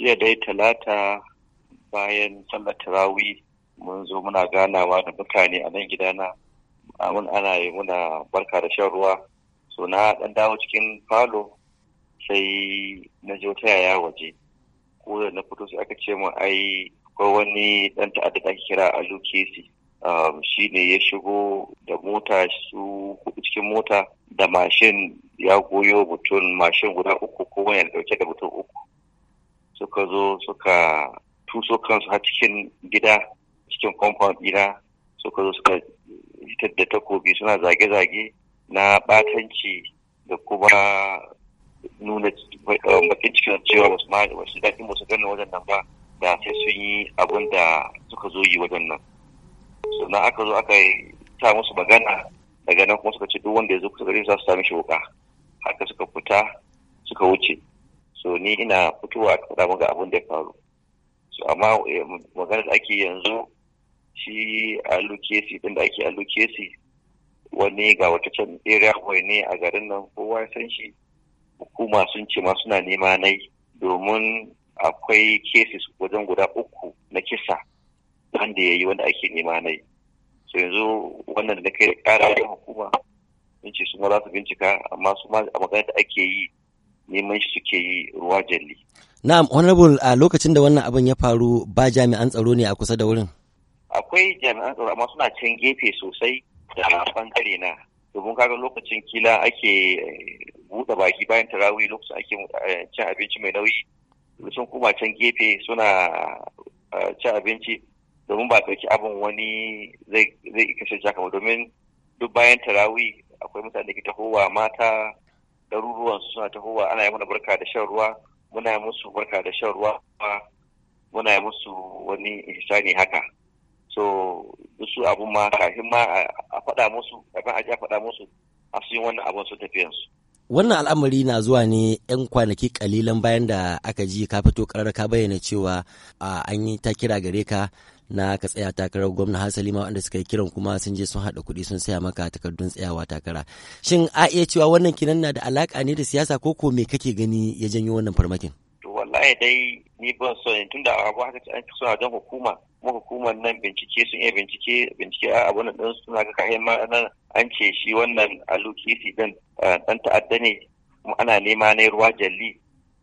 jiya dai talata bayan sallar tarawi mun zo muna ganawa da mutane a nan gidana mun ana yi muna barka da shan ruwa so na dan dawo cikin falo sai na je ta yaya waje ko da na fito sai aka ce mun ai ko wani dan ta'adda ake kira alu kesi um, shi ne ya shigo da mota su hudu cikin mota da mashin ya goyo mutum mashin guda uku ko wani dauke da mutum uku suka zo suka tuso kansu har cikin gida cikin compound ɗina suka zo suka fitar da takobi suna zage-zage na batanci da kuma nuna bakin cikin cewa wasu wasu daɗin wasu ganin wajen nan ba da sai sun yi abin da suka zo yi wajen nan sannan aka zo aka yi ta musu magana daga nan kuma suka ce duk wanda ya zo kusa gari su su sami shi wuka haka suka fita ni ina fitowa kada ga abin da ya faru so amma eh, maganar da ake yanzu shi a lukesi din da ake a lukesi wani ga wata can area boy ne a garin nan kowa ya san shi hukuma sun ce ma suna nema nai domin akwai cases wajen guda uku na kisa wanda ya yi wanda ake nema nai so yanzu wannan da na kai kara wajen hukuma sun ce su ma za su bincika amma su ma a maganar da ake yi neman shi suke yi ruwa jalli. Na'am, honorable a lokacin da wannan abin ya faru ba jami'an tsaro ne a kusa da wurin? Akwai jami'an tsaro amma suna can gefe sosai da bangare na. Domin kaga lokacin kila ake eh, buɗe baki bayan tarawih lokacin ake eh, cin abinci mai nauyi sun kuma can gefe suna eh, cin abinci domin ba ɗauki abin wani zai kashe kamar domin duk bayan tarawih akwai mutane da ke tahowa mata ɗaruruwan suna tahowa ana yi mana barka da shan ruwa muna yi musu barka da shan ruwa muna yi musu wani ihsani haka so su abun ma kafin ma a faɗa musu kafin a faɗa musu a su yi wannan abun su su. wannan al'amari na zuwa ne 'yan kwanaki kalilan bayan da aka ji ka fito karar ka bayyana cewa an yi ta kira gare ka na ka tsaya takarar gwamna har ma wanda suka yi kiran kuma sun je sun haɗa kuɗi sun saya maka takardun tsayawa takara shin a iya cewa wannan kinan na da alaka ne da siyasa ko ko me kake gani ya janyo wannan farmakin wallahi dai ni ban so ne tunda abu haka an kusa so hukuma kuma hukumar nan bincike sun iya bincike bincike a abu nan din suna ga kayan ma nan an ce shi wannan alukisi din dan eh, ta'adda ne kuma ana nema ne ruwa jalli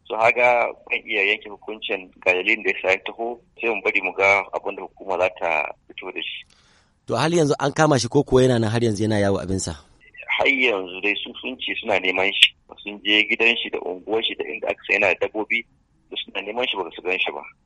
su haga ban iya yanke hukuncin ga dalilin da ya sa taho sai mu bari mu ga abin da hukuma za ta fito da shi. To hal yanzu an kama shi ko kuwa yana nan har yanzu yana yawo abinsa? Har yanzu dai sun sun ce suna neman shi sun je gidan shi da unguwar shi da inda aka sa yana da dabbobi da suna neman shi ba su gan shi ba.